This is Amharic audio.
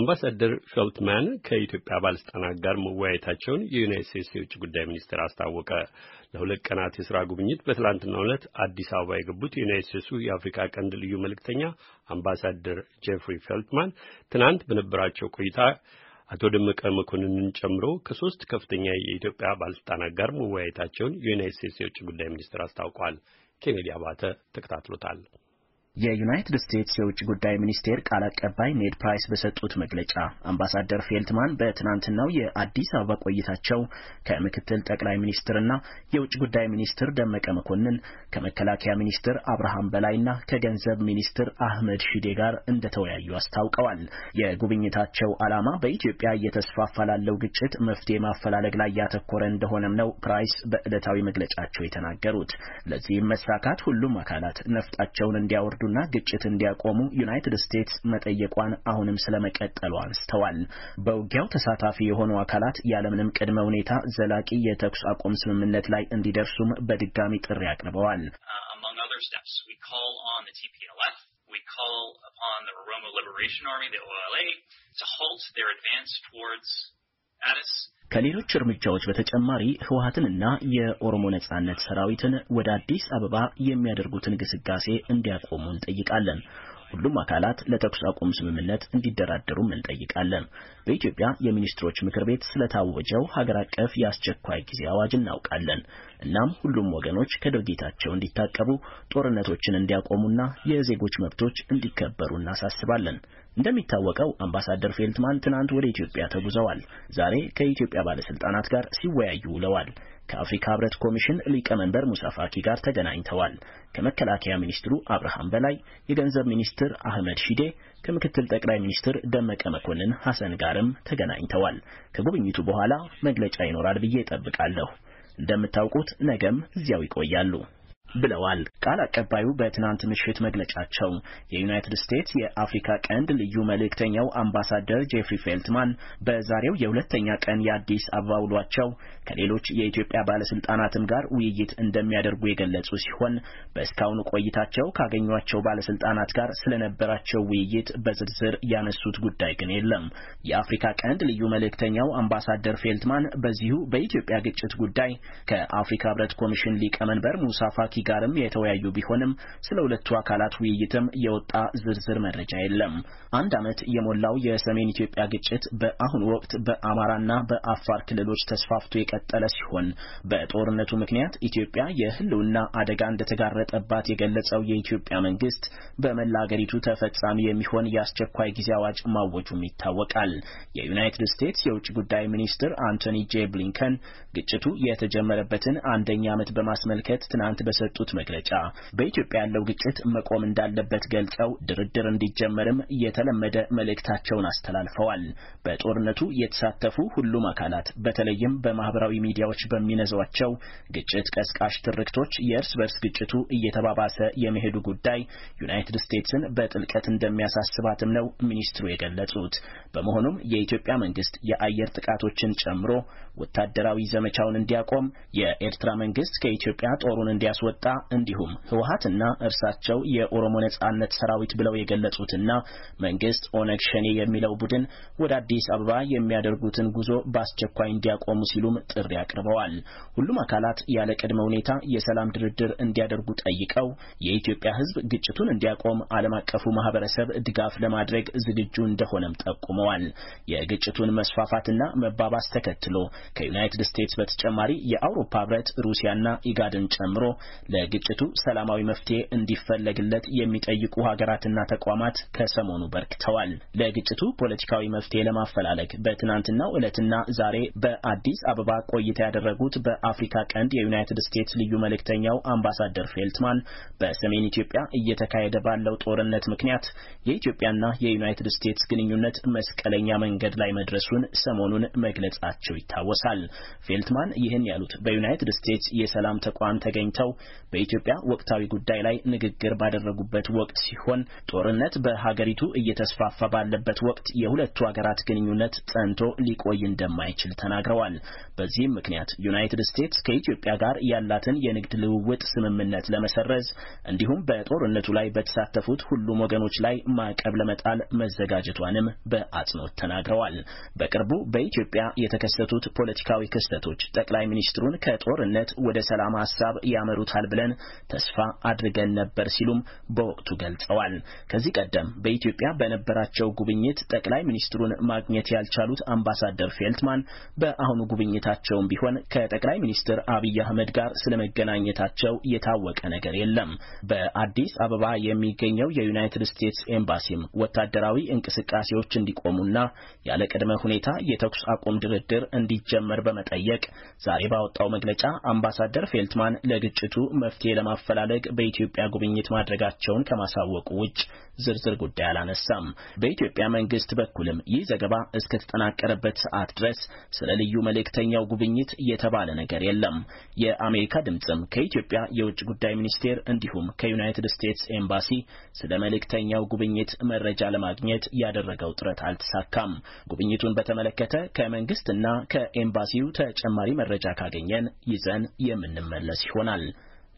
አምባሳደር ፌልትማን ከኢትዮጵያ ባለስልጣናት ጋር መወያየታቸውን የዩናይት ስቴትስ የውጭ ጉዳይ ሚኒስትር አስታወቀ። ለሁለት ቀናት የስራ ጉብኝት በትላንትናው ዕለት አዲስ አበባ የገቡት የዩናይት ስቴትሱ የአፍሪካ ቀንድ ልዩ መልእክተኛ አምባሳደር ጄፍሪ ፌልትማን ትናንት በነበራቸው ቆይታ አቶ ደመቀ መኮንንን ጨምሮ ከሶስት ከፍተኛ የኢትዮጵያ ባለስልጣናት ጋር መወያየታቸውን የዩናይት ስቴትስ የውጭ ጉዳይ ሚኒስትር አስታውቋል። ኬኔዲ አባተ ተከታትሎታል። የዩናይትድ ስቴትስ የውጭ ጉዳይ ሚኒስቴር ቃል አቀባይ ኔድ ፕራይስ በሰጡት መግለጫ አምባሳደር ፌልትማን በትናንትናው የአዲስ አበባ ቆይታቸው ከምክትል ጠቅላይ ሚኒስትርና የውጭ ጉዳይ ሚኒስትር ደመቀ መኮንን ከመከላከያ ሚኒስትር አብርሃም በላይና ከገንዘብ ሚኒስትር አህመድ ሺዴ ጋር እንደተወያዩ አስታውቀዋል። የጉብኝታቸው ዓላማ በኢትዮጵያ እየተስፋፋ ላለው ግጭት መፍትሄ ማፈላለግ ላይ ያተኮረ እንደሆነም ነው ፕራይስ በዕለታዊ መግለጫቸው የተናገሩት። ለዚህም መሳካት ሁሉም አካላት ነፍጣቸውን እንዲያወርዱ እንዲያስረዱና ግጭት እንዲያቆሙ ዩናይትድ ስቴትስ መጠየቋን አሁንም ስለመቀጠሉ አንስተዋል። በውጊያው ተሳታፊ የሆኑ አካላት ያለምንም ቅድመ ሁኔታ ዘላቂ የተኩስ አቁም ስምምነት ላይ እንዲደርሱም በድጋሚ ጥሪ አቅርበዋል። uh, call upon the Oromo Liberation Army, the OLA, to halt their advance towards ከሌሎች እርምጃዎች በተጨማሪ ህወሀትንና የኦሮሞ ነጻነት ሰራዊትን ወደ አዲስ አበባ የሚያደርጉትን ግስጋሴ እንዲያቆሙ እንጠይቃለን። ሁሉም አካላት ለተኩስ አቁም ስምምነት እንዲደራደሩም እንጠይቃለን። በኢትዮጵያ የሚኒስትሮች ምክር ቤት ስለታወጀው ሀገር አቀፍ የአስቸኳይ ጊዜ አዋጅ እናውቃለን። እናም ሁሉም ወገኖች ከድርጊታቸው እንዲታቀቡ፣ ጦርነቶችን እንዲያቆሙና የዜጎች መብቶች እንዲከበሩ እናሳስባለን። እንደሚታወቀው አምባሳደር ፌልትማን ትናንት ወደ ኢትዮጵያ ተጉዘዋል። ዛሬ ከኢትዮጵያ ባለስልጣናት ጋር ሲወያዩ ውለዋል። ከአፍሪካ ህብረት ኮሚሽን ሊቀመንበር ሙሳ ፋኪ ጋር ተገናኝተዋል። ከመከላከያ ሚኒስትሩ አብርሃም በላይ፣ የገንዘብ ሚኒስትር አህመድ ሺዴ ከምክትል ጠቅላይ ሚኒስትር ደመቀ መኮንን ሐሰን ጋርም ተገናኝተዋል። ከጉብኝቱ በኋላ መግለጫ ይኖራል ብዬ እጠብቃለሁ። እንደምታውቁት ነገም እዚያው ይቆያሉ። ብለዋል። ቃል አቀባዩ በትናንት ምሽት መግለጫቸው የዩናይትድ ስቴትስ የአፍሪካ ቀንድ ልዩ መልእክተኛው አምባሳደር ጄፍሪ ፌልትማን በዛሬው የሁለተኛ ቀን የአዲስ አበባ ውሏቸው ከሌሎች የኢትዮጵያ ባለስልጣናትም ጋር ውይይት እንደሚያደርጉ የገለጹ ሲሆን በእስካሁኑ ቆይታቸው ካገኟቸው ባለስልጣናት ጋር ስለነበራቸው ውይይት በዝርዝር ያነሱት ጉዳይ ግን የለም። የአፍሪካ ቀንድ ልዩ መልእክተኛው አምባሳደር ፌልትማን በዚሁ በኢትዮጵያ ግጭት ጉዳይ ከአፍሪካ ህብረት ኮሚሽን ሊቀመንበር ሙሳ ፋኪ ፓርቲ ጋርም የተወያዩ ቢሆንም ስለ ሁለቱ አካላት ውይይትም የወጣ ዝርዝር መረጃ የለም። አንድ ዓመት የሞላው የሰሜን ኢትዮጵያ ግጭት በአሁኑ ወቅት በአማራና በአፋር ክልሎች ተስፋፍቶ የቀጠለ ሲሆን በጦርነቱ ምክንያት ኢትዮጵያ የሕልውና አደጋ እንደተጋረጠባት የገለጸው የኢትዮጵያ መንግስት በመላ አገሪቱ ተፈጻሚ የሚሆን የአስቸኳይ ጊዜ አዋጅ ማወጁም ይታወቃል። የዩናይትድ ስቴትስ የውጭ ጉዳይ ሚኒስትር አንቶኒ ጄ ብሊንከን ግጭቱ የተጀመረበትን አንደኛ ዓመት በማስመልከት ትናንት በሰ በሰጡት መግለጫ በኢትዮጵያ ያለው ግጭት መቆም እንዳለበት ገልጸው ድርድር እንዲጀመርም የተለመደ መልእክታቸውን አስተላልፈዋል። በጦርነቱ የተሳተፉ ሁሉም አካላት በተለይም በማህበራዊ ሚዲያዎች በሚነዟቸው ግጭት ቀስቃሽ ትርክቶች የእርስ በርስ ግጭቱ እየተባባሰ የመሄዱ ጉዳይ ዩናይትድ ስቴትስን በጥልቀት እንደሚያሳስባትም ነው ሚኒስትሩ የገለጹት። በመሆኑም የኢትዮጵያ መንግስት የአየር ጥቃቶችን ጨምሮ ወታደራዊ ዘመቻውን እንዲያቆም፣ የኤርትራ መንግስት ከኢትዮጵያ ጦሩን እንዲያስወጣ እንደወጣ እንዲሁም ህወሀትና እርሳቸው የኦሮሞ ነጻነት ሰራዊት ብለው የገለጹትና መንግስት ኦነግ ሸኔ የሚለው ቡድን ወደ አዲስ አበባ የሚያደርጉትን ጉዞ በአስቸኳይ እንዲያቆሙ ሲሉም ጥሪ አቅርበዋል። ሁሉም አካላት ያለ ቅድመ ሁኔታ የሰላም ድርድር እንዲያደርጉ ጠይቀው የኢትዮጵያ ህዝብ ግጭቱን እንዲያቆም ዓለም አቀፉ ማህበረሰብ ድጋፍ ለማድረግ ዝግጁ እንደሆነም ጠቁመዋል። የግጭቱን መስፋፋትና መባባስ ተከትሎ ከዩናይትድ ስቴትስ በተጨማሪ የአውሮፓ ህብረት ሩሲያና ኢጋድን ጨምሮ ለግጭቱ ሰላማዊ መፍትሄ እንዲፈለግለት የሚጠይቁ ሀገራትና ተቋማት ከሰሞኑ በርክተዋል። ለግጭቱ ፖለቲካዊ መፍትሄ ለማፈላለግ በትናንትናው ዕለትና ዛሬ በአዲስ አበባ ቆይታ ያደረጉት በአፍሪካ ቀንድ የዩናይትድ ስቴትስ ልዩ መልእክተኛው አምባሳደር ፌልትማን በሰሜን ኢትዮጵያ እየተካሄደ ባለው ጦርነት ምክንያት የኢትዮጵያና የዩናይትድ ስቴትስ ግንኙነት መስቀለኛ መንገድ ላይ መድረሱን ሰሞኑን መግለጻቸው ይታወሳል። ፌልትማን ይህን ያሉት በዩናይትድ ስቴትስ የሰላም ተቋም ተገኝተው በኢትዮጵያ ወቅታዊ ጉዳይ ላይ ንግግር ባደረጉበት ወቅት ሲሆን ጦርነት በሀገሪቱ እየተስፋፋ ባለበት ወቅት የሁለቱ ሀገራት ግንኙነት ጸንቶ ሊቆይ እንደማይችል ተናግረዋል። በዚህም ምክንያት ዩናይትድ ስቴትስ ከኢትዮጵያ ጋር ያላትን የንግድ ልውውጥ ስምምነት ለመሰረዝ እንዲሁም በጦርነቱ ላይ በተሳተፉት ሁሉም ወገኖች ላይ ማዕቀብ ለመጣል መዘጋጀቷንም በአጽንኦት ተናግረዋል። በቅርቡ በኢትዮጵያ የተከሰቱት ፖለቲካዊ ክስተቶች ጠቅላይ ሚኒስትሩን ከጦርነት ወደ ሰላም ሀሳብ ያመሩታል ብለን ተስፋ አድርገን ነበር ሲሉም በወቅቱ ገልጸዋል። ከዚህ ቀደም በኢትዮጵያ በነበራቸው ጉብኝት ጠቅላይ ሚኒስትሩን ማግኘት ያልቻሉት አምባሳደር ፌልትማን በአሁኑ ጉብኝታቸውም ቢሆን ከጠቅላይ ሚኒስትር አብይ አህመድ ጋር ስለመገናኘታቸው የታወቀ ነገር የለም። በአዲስ አበባ የሚገኘው የዩናይትድ ስቴትስ ኤምባሲም ወታደራዊ እንቅስቃሴዎች እንዲቆሙና ያለ ቅድመ ሁኔታ የተኩስ አቁም ድርድር እንዲጀመር በመጠየቅ ዛሬ ባወጣው መግለጫ አምባሳደር ፌልትማን ለግጭቱ መፍትሄ ለማፈላለግ በኢትዮጵያ ጉብኝት ማድረጋቸውን ከማሳወቁ ውጭ ዝርዝር ጉዳይ አላነሳም። በኢትዮጵያ መንግስት በኩልም ይህ ዘገባ እስከተጠናቀረበት ሰዓት ድረስ ስለ ልዩ መልእክተኛው ጉብኝት የተባለ ነገር የለም። የአሜሪካ ድምፅም ከኢትዮጵያ የውጭ ጉዳይ ሚኒስቴር እንዲሁም ከዩናይትድ ስቴትስ ኤምባሲ ስለ መልእክተኛው ጉብኝት መረጃ ለማግኘት ያደረገው ጥረት አልተሳካም። ጉብኝቱን በተመለከተ ከመንግስትና ከኤምባሲው ተጨማሪ መረጃ ካገኘን ይዘን የምንመለስ ይሆናል።